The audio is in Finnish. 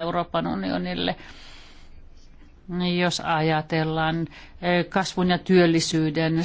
Euroopan unionille. Jos ajatellaan eh, kasvun ja työllisyyden